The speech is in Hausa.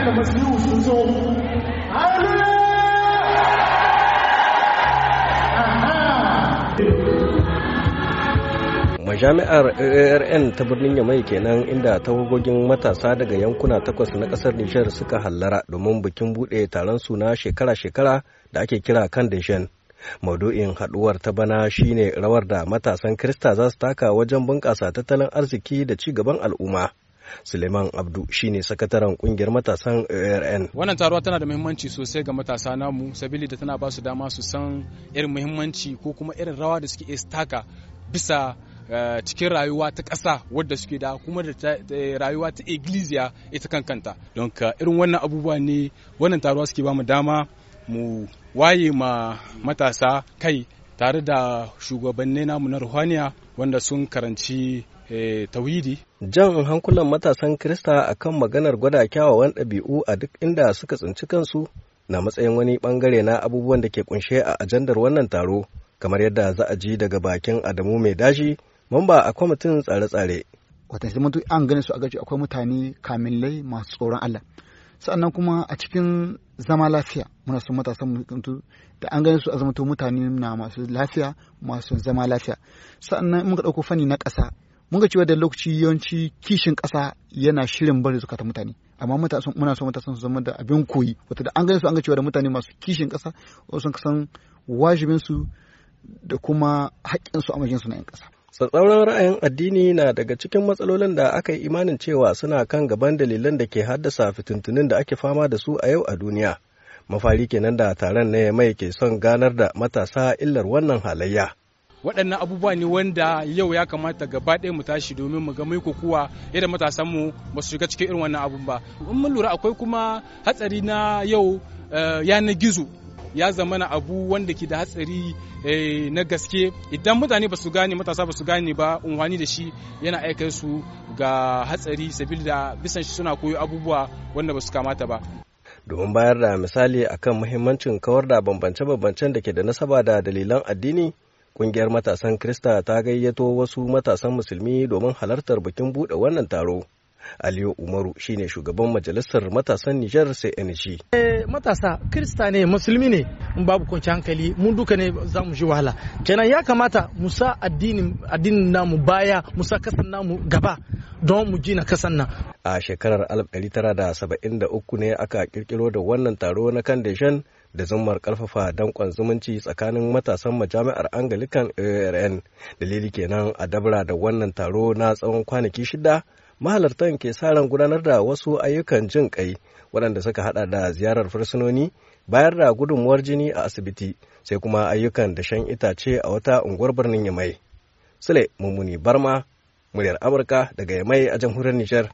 majami'ar arn ta birnin yamai kenan inda tawagogin matasa daga yankuna takwas na kasar Nijar suka hallara domin bikin buɗe taron suna shekara-shekara da ake kira kan Dijen. maudu'in haɗuwar ta bana shine rawar da matasan krista za su taka wajen bunƙasa tattalin arziki da ci gaban al'umma Suleiman Abdu shine sakataren kungiyar matasan ORN. Wannan taruwa tana da muhimmanci sosai ga matasa namu sabili da tana basu dama su san irin muhimmanci ko kuma irin rawa da suke taka bisa eh, cikin rayuwa ta ƙasa wadda suke da kuma da rayuwa ta iglesia ita kankanta don ka irin wannan abubuwa ne wannan taruwa suke ba mu dama mu waye ma matasa kai tare da shugabannin namu na ruhaniya wanda sun karanci Eh, tauhidi. Jan hankulan matasan Kirista akan maganar gwada kyawawan ɗabi'u a duk inda suka tsinci kansu na matsayin wani ɓangare na abubuwan da ke kunshe a ajandar wannan taro, kamar yadda za a ji daga bakin Adamu mai dashi mamba a kwamitin tsare-tsare. Watan an gani su a gaji akwai mutane kamillai masu tsoron Allah. Sa'annan kuma a cikin zama lafiya muna son matasan mutuntu da an gani su a zamanto mutane na masu lafiya masu zama lafiya. Sa'annan in muka ɗauko fanni na ƙasa mun ga cewa da lokaci yawanci kishin ƙasa yana shirin bari zukatan mutane amma muna so matasan su zama da abin koyi wata da an gani su an ga cewa da mutane masu kishin ƙasa sun kasan wajibinsu, da kuma haƙƙinsu a majinsu na 'yan ƙasa tsatsauran ra'ayin addini na daga cikin matsalolin da aka yi imanin cewa suna kan gaban dalilan da ke haddasa fitintunin da ake fama da su a yau a duniya mafari kenan da taron na mai ke son ganar da matasa illar wannan halayya waɗannan abubuwa ne wanda yau ya kamata gaba ɗaya mu tashi domin mu ga mai kokuwa yadda matasan mu ba su shiga cikin irin wannan abun ba in mun lura akwai kuma hatsari na yau eh, yanar gizo ya zama na abu wanda ke da hatsari eh, na gaske idan mutane ba su gane matasa ba su gane ba unwani da shi yana aika su ga hatsari sabida bisan shi suna koyo abubuwa wanda ba su kamata ba domin bayar da misali akan muhimmancin kawar da bambance-bambancen da ke da nasaba da dalilan addini Ƙungiyar matasan Krista ta gayyato wasu matasan musulmi domin halartar bikin buɗe wannan taro. Aliyu Umaru shine shugaban majalisar matasan Nijar CNG. Eh matasa Kirista ne musulmi ne in babu kwanci hankali mun duka ne za mu ji wahala. Kenan ya kamata mu sa addinin namu baya mu sa kasan namu gaba don mu gina kasan nan. A shekarar 1973 ne aka kirkiro da wannan taro na kan Deshen da zummar karfafa dankon zumunci tsakanin matasan majami'ar Anglican ARN. Dalili kenan a dabra da wannan taro na tsawon kwanaki shida mahalartan ke sa ran gudanar da wasu ayyukan jin kai waɗanda suka hada da ziyarar fursunoni bayar da gudunmuwar jini a asibiti sai kuma ayyukan da shan itace a wata unguwar birnin yamai sule mummuni barma muryar amurka daga yamai a jamhuriyar nijar